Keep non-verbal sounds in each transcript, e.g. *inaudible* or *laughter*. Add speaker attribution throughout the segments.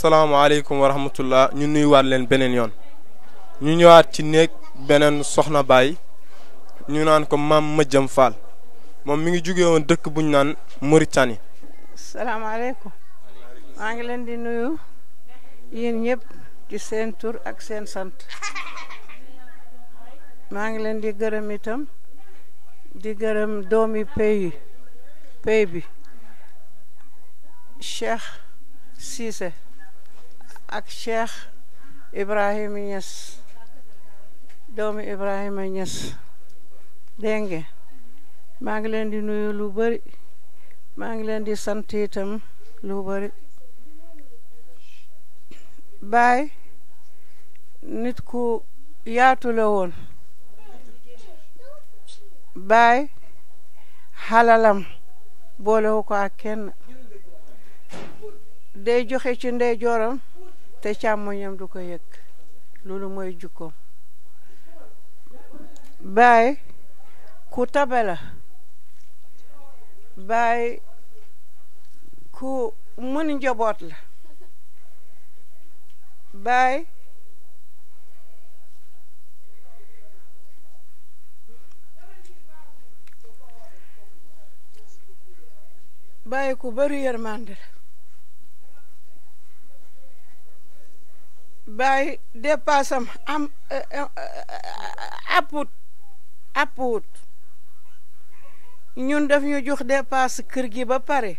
Speaker 1: salaamaaleykum wa rahmatullah ñu nuyuwaat leen beneen yoon ñu ñëwaat ci néeg beneen soxna baay ñu naan ko maam Mëjjam Fall moom mi ngi jóge woon dëkk bu ñu naan Mauritanie.
Speaker 2: salaamaaleykum maa ngi leen di nuyu yéen ñëpp ci seen tur ak seen sant maa ngi leen di gërëm itam di gërëm doomi pays pays bi Cheikh Cissé ak Cheikh Ibrahima Niass doomi Ibrahima Niass dégg nga maa ngi leen di nuyu lu bari maa ngi leen di sant itam lu bari baay nit ku yaatu la woon baay xalalam boolewu ko a kenn day joxe ci ndey jooram te càmmoñam du ko yëg loolu mooy jukkoom baay ku tabe la baay ku mën njaboot la baay baay ku bari yërmande bay dépassam am euh, euh, euh, apput apput ñun daf ñu jox dépasse kër gi ba pare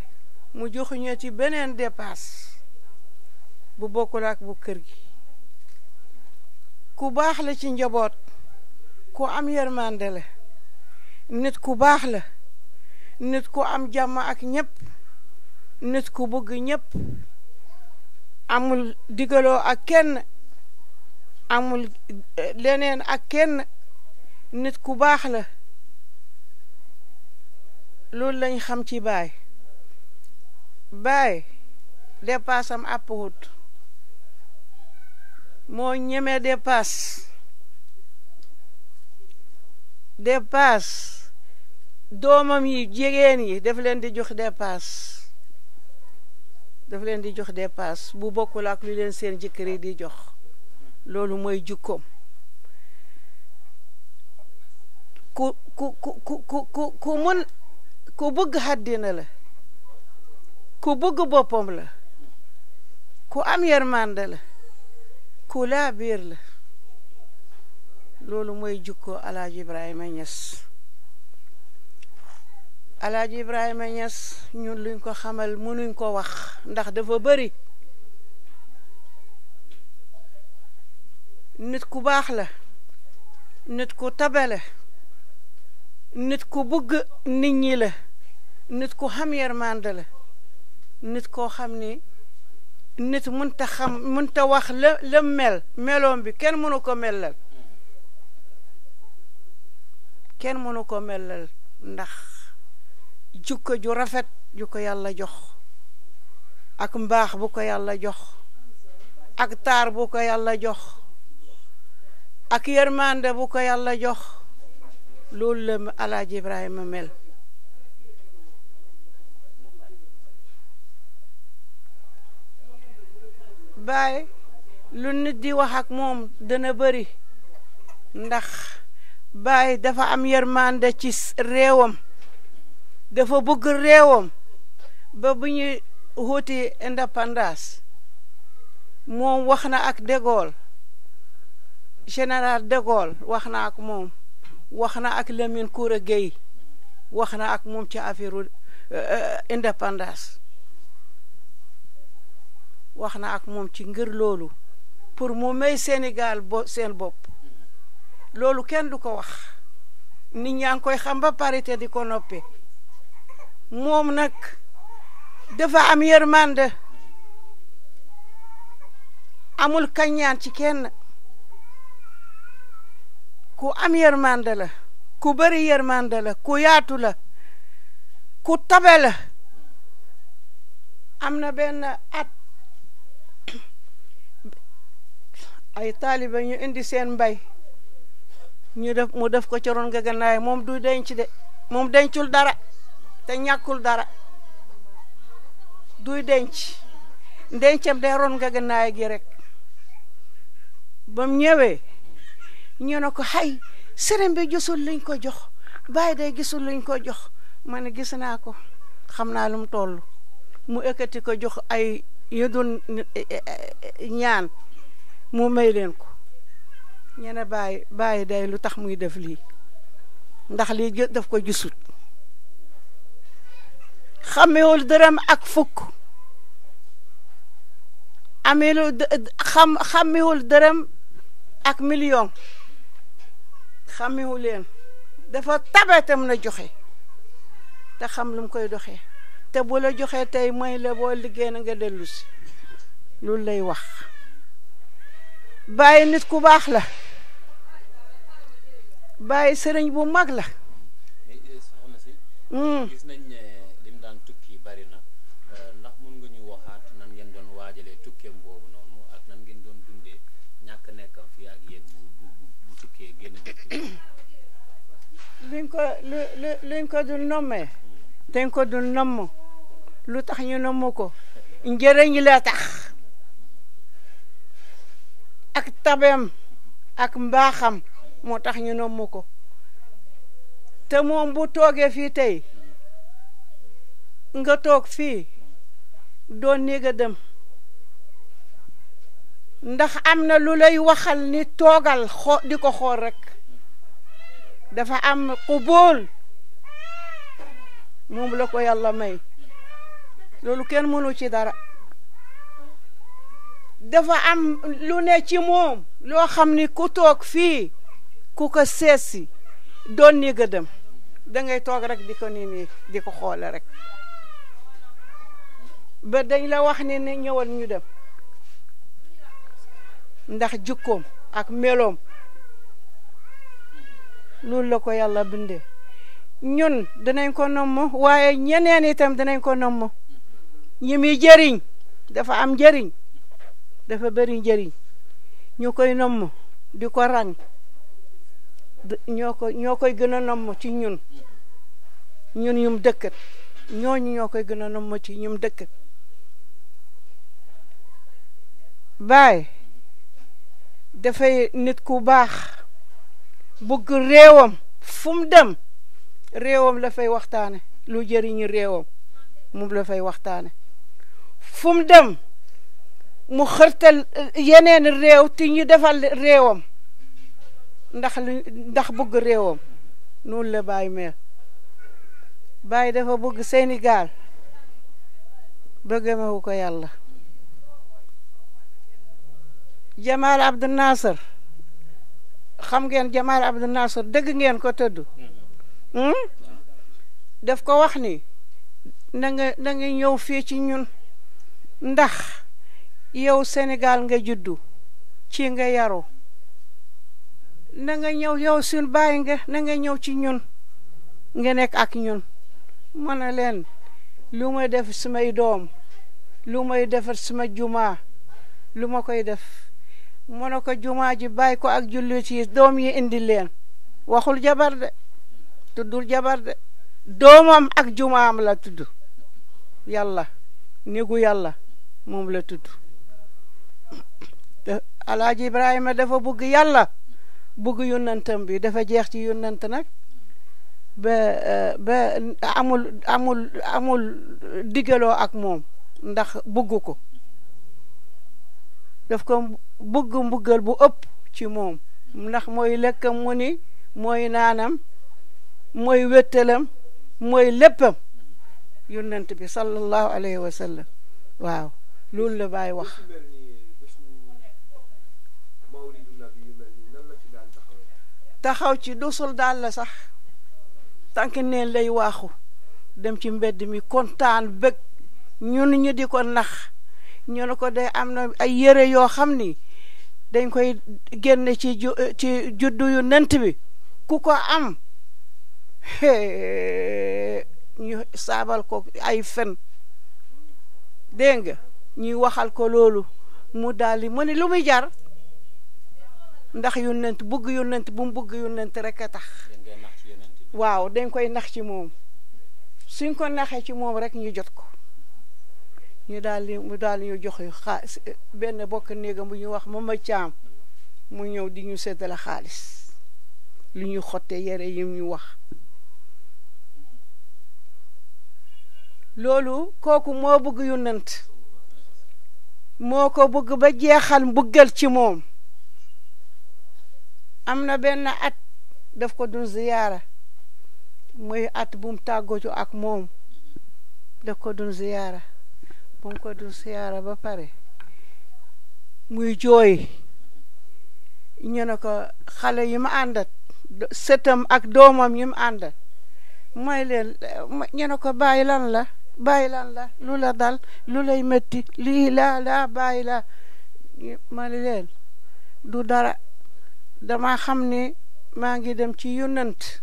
Speaker 2: mu jox ñu ci beneen dépasse bu bokkul ak bu kër gi ku baax la ci njaboot ku am yërmande nit ku baax la nit ku am jàmm ak ñëpp nit ku bëgg ñépp amul digaloo ak kenn amul eh, leneen ak kenn nit ku baax la loolu lañ xam ci baay baay dépassam àppwut moo ñeme dépasse dépasse doomam yi jigéen yi daf leen di jox dépasse daf leen di jox dépasse bu bokkul ak lu leen seen jëkkër yi di jox loolu mooy jukkoom ku ku ku ku ku ku ku bëgg àddina la ku bëgg boppam la ku am yërmande la ku laa la loolu mooy jukkoo Alaaji Ibrahima Ñas alaaji Ibrahima Niass ñun luñ ko xamal mënuñ ko wax ndax dafa bëri nit ku baax la nit ku tabe la nit ku bëgg nit ñi la nit ku xam yërmande la nit koo xam ni nit mënta xam mënta wax la la mel meloom bi kenn mënu ko melal kenn mënu ko melal ndax jukko ju rafet ju yàlla jox ak mbaax bu ko yàlla jox ak taar bu ko yàlla jox ak yërmande bu ko yàlla jox loolu la alaaji Ibrahima mel baay lu nit di wax moom dana bëri ndax baay dafa am yërmande ci réewam dafa bëgg réewam ba bu ñu wuti indépendance moom wax na ak de Gaulle général de wax na ak moom wax na ak Lamine Koura Gueye wax na ak moom ci affaire euh, indépendance wax na ak moom ci ngir loolu pour mu may Sénégal bo bopp loolu kenn du ko wax nit ñaa ngi koy xamba ba parité di ko noppee moom nag dafa am yërmande amul kañaan ci kenn ku am yërmande la ku bëri yërmande la ku yaatu la ku tabe am na benn at *coughs* ay taaliba ñu indi seen mbay ñu def mu def ko ci ron gagannaay moom du denc de moom dencul dara te ñàkkul dara duy denc ndencam day ron nga gannaay gi rek bam mu ñëwee ñu ne ko xay sëriñ bi gisul luñ ko jox bàyyi day gisul luñ ko jox ma ne gis naa ko xam naa lu mu toll mu ekkati ko jox ay yu doon e, e, e, ñaan mu may leen ko ñu ne bàyyi bàyyi lu tax muy def lii ndax lii daf ko gisut خمي الدرام الدرم أكفك عملوا خم خمي الدرام أك مليون خمي لين دفع تبعت من جوخي تخم لم كوي دوخي تبو لا جوخي تاي موي لا بو ليغي نغا دلوس لول لاي واخ باي نيت كو باخ لا باي سيرن بو ماغ لا gis nañ luñ ko lu lu luñ ko dul nommee ko dul nomm lu tax ñu nomm ko njëriñ la tax ak tabeem ak mbaaxam moo tax ñu nomm ko te moom bu toogee fii tey nga toog fii doo néeg a dem ndax am na lu lay waxal ni toogal xoo di ko xool rek dafa am xubóol moom la ko yàlla may loolu kenn mënu ci dara dafa am lu ne ci moom loo xam ni ku toog fii ku ko seesi doon ni gëdëm da ngay toog rek di ko nii nii di ko xoole rek ba dañ la wax ne ñëwal ñu dem ndax jikkoom ak meloom loolu la ko yàlla bindee ñun dinañ ko nomm waaye ñeneen itam dinañ ko nomm ñi muy jëriñ dafa am njëriñ dafa bëri njëriñ ñu koy nomm di ko ràng ñoo ko ñoo koy gën a nomm ci ñun ñun ñum dëkkat ñooñu ñoo koy gën a nomm ci ñum dëkkat nit ku baax bëgg réewam fu mu dem réewam la fay waxtaane lu jëriñu réewam moom la fay waxtaane fu mu dem mu xërtal yeneen réew te ñu defal réewam ndax lu ndax bëgg réewam noonu la Baye mel Baye dafa bëgg Sénégal bëggamewu ko yàlla Jamal Abdou Nasser xam ngeen Jamal Abdou Nasser dëgg ngeen ko tëdd hmm? daf ko wax ni na nga na ñëw fii ci ñun ndax yow Sénégal nga juddu ci nga yaru na nga ñëw yow suñ bàyyi nga na nga ñëw ci ñun nga nekk ak ñun mën a leen lu may def sumay doom lu may defar suma jumaa lu ma koy def mu ne ko jumaa ji bàyyi ko ak jullit yi doom yi indi leen waxul jabar de tuddul jabar de doomam ak jumaam la tudd yàlla néegu yàlla moom la tudd te alaaji ibrahima dafa bugg yàlla bugg yonentam bi dafa jeex ci yonent nag ba ba amul amul amul digaloo ak moom ndax bugg daf ko bëgg mbugal bu ëpp ci moom ndax mooy lekkam mu ni mooy naanam mooy wéttalam mooy léppam yonent bi sallallahu alayhi wa waaw loolu la Baay wax taxaw ci dosul daal la sax tànk neen lay waaxu dem ci mbedd mi kontaan bëgg ñun ñu di ko nax ñu ne ko day am na ay yére yoo xam ni dañ koy génne ci eh, juddu yu nant bi ku ko am ñu saabal ko ay fen dégg nga ñuy waxal ko loolu mu daal di mu ne jar ndax yonent bëgg yonent bu mu bëgg yonent rek a tax waaw dañ koy nax ci moom suñ ko naxee ci moom rek ñu jot ko ñu daal di jox xaalis benn bokk néegam bu ñu wax mama caam mu ñëw di ñu seddale xaalis lu ñu xotte yére yi ñu wax loolu kooku moo bëgg yonent moo ko bëgg ba jeexal mbuggal ci moom am na benn at daf ko dun ziyaara moy at bu mu tàggatu ak moom daf ko dun ziyaara bu mu ko dul siyaara ba pare muy jooy ñu ko xale yi mu àndat sëtam ak doomam yi mu mooy leen ñu ko bàyyi lan la bàyyi lan la lu la dal lu lay métti lii laa laa bàyyi laa ma leen du dara dama xam ni maa ngi dem ci yonent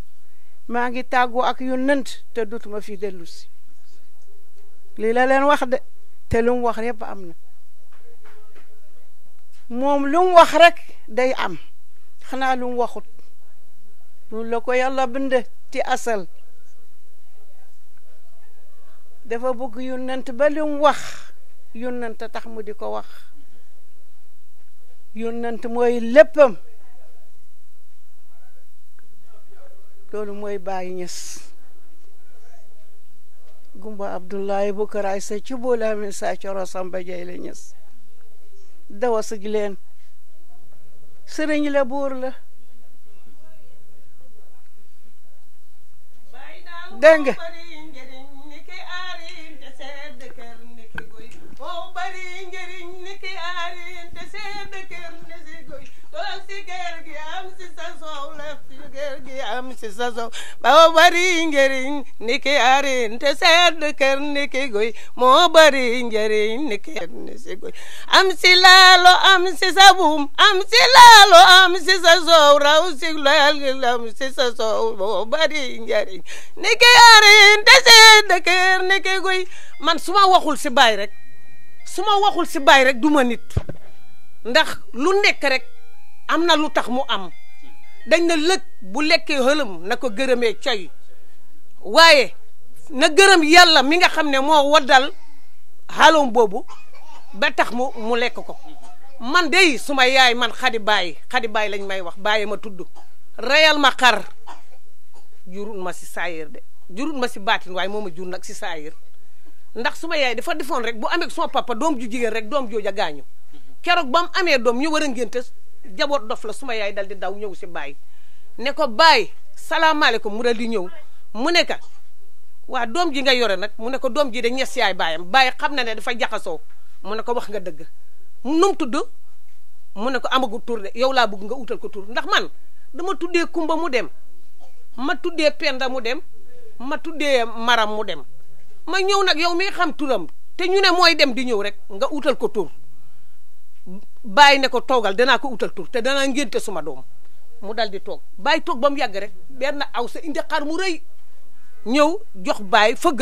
Speaker 2: maa ngi tàggu ak yonent te dutuma fi dellu si lii leen wax de تلون وخري بأمنا موم لون وخرك داي أم خنا لون وخد لون لكو يلا بنده تي أصل دفا بوك يونن تبالون وخ يونن تتخمو ديكو وخ يونن تموي لبم لولو موي باي نيس gumba abdullahi bukaray sa ci boolaamin sa coro samba jay la ñes dawa sig leen sëriñ la
Speaker 1: si kër gi am si sa soow laf si kër gi am si sa soow ba bari njëriñ ni ki arin te sedd kër ni ki moo bari njëriñ ni arin te sedd kër ni ki man su ma waxul si baay rek su ma si baay rek nit ndax lu nekk rek am na lu tax mu am dañ na lëg bu lekkee xëlëm na ko gërëmee coy waaye na gërëm yàlla mi nga xam ne moo waddal xaloom boobu ba tax mu mu lekk ko man dey suma yaay man xadi baay xadi baay lañ may wax bàyyi ma tudd reyal ma xar jurul ma si saayir de jurul ma si baatin waaye moom ma jur nag si saayir ndax suma yaay dafa defoon rek bu amee suma papa doom ju jigéen rek doom jooja gaañu keroog ba mu amee doom ñu war a ngénte jaboot dofu la suma yaay dal di daw ñëw si baay ne ko baay salaamaaleykum mu dal di ñëw mu ne ka waa doom ji nga yore nag mu ne ko doom ji de ñes yaay baayam baay xam na ne dafa jaxasoo mu ne ko wax nga dëgg nu mu tudd mu ne ko amagul tur de yow laa bëgg nga utal ko tuur ndax man dama tuddee kumba mu dem ma tuddee penda mu dem ma tuddee maram mu dem ma ñëw nag yow mi xam turam te ñu ne mooy dem di ñëw rek nga utal ko tur bàyyi ne ko toogal danaa ko utal tur te danaa ngénte suma doom mu dal di toog bàyyi toog ba mu yàgg rek benn aw sa indi mu rëy ñëw jox bàyyi fëgg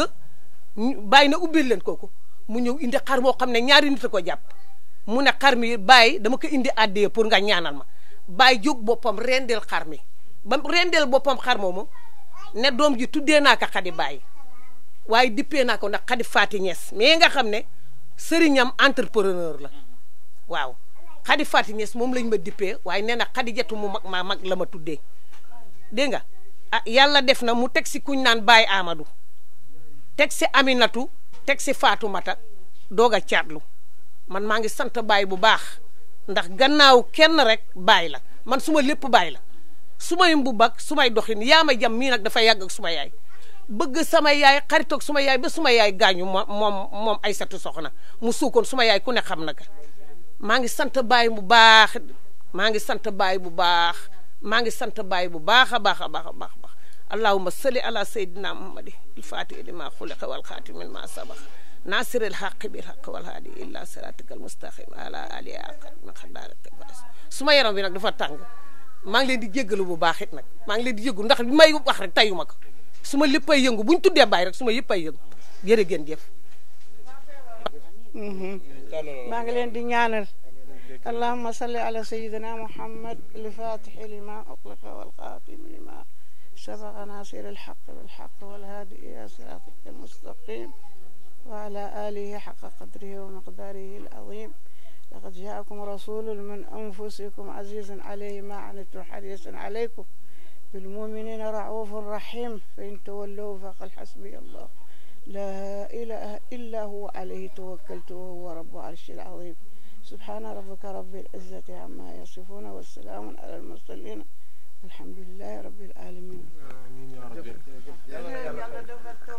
Speaker 1: bàyyi na ubbil leen ko mu ñëw indi xar moo xam ne ñaari nit a ko jàpp mu ne xar mi bàyyi dama ko indi àddee pour nga ñaanal ma bàyyi jóg boppam rendeel xar mi ba rendeel boppam xar moomu ne doom ji tuddee naa ka xadi bàyyi waaye dippee naa ko ndax xadi faati ñees mais nga xam ne sëriñam entrepreneur la mhm. waaw xadi Faty Niass moom lañ ma dippee waaye nee na xadi jatu mu mag maa mag la ma tuddee dégg nga ah yàlla def na mu teg si kuñ naan Baye Amadou teg si Aminatu teg si Fatou Mata doog a caatlu man maa ngi sant Baye bu baax ndax gannaaw kenn rek Baye la man suma lépp Baye la su may mbubb ak su may doxin yaa ma jam mii nag dafa yàgg suma yaay bëgg sama yaay xaritoog suma yaay suma yaay gaañu moom moom moom Aysatu soxna mu suukoon suma yaay ku ne xam na ka maa ngi sant baay bu baax maa ngi sant baay bu baax maa ngi sant baay bu baax a baax a baax a baax allahuma sali ala sayyidina muhammadi ilfaatihi lima xuliqa wal xaatimi wal haadi illa siraatika almustaqim ala alihi ma xadaarika su ma yaram bi nag dafa tàng maa ngi leen di jéggalu bu baax it nag maa ngi leen di yëggu ndax bi may wax rek tayu ma ko su ma lépp ay yëngu bu ñu tuddee baay rek suma ma yëpp ay yëngu jërë ngeen jëf
Speaker 2: mm-hmm. اللهم صل على سيدنا محمد الفاتح لما أطلق والخاتم لما سبق ناصر الحق بالحق والهادي إلى صراطك المستقيم وعلى آله حق قدره ومقداره العظيم لقد جاءكم رسول من أنفسكم عزيز عليه ما عنتم حريص عليكم بالمؤمنين رعوف رحيم فإن تولوا فقل حسبي الله لا إله إلا هو عليه توكلت وهو رب العرش العظيم سبحان ربك رب العزة عما يصفون والسلام على المرسلين الحمد لله رب العالمين آمين يا رب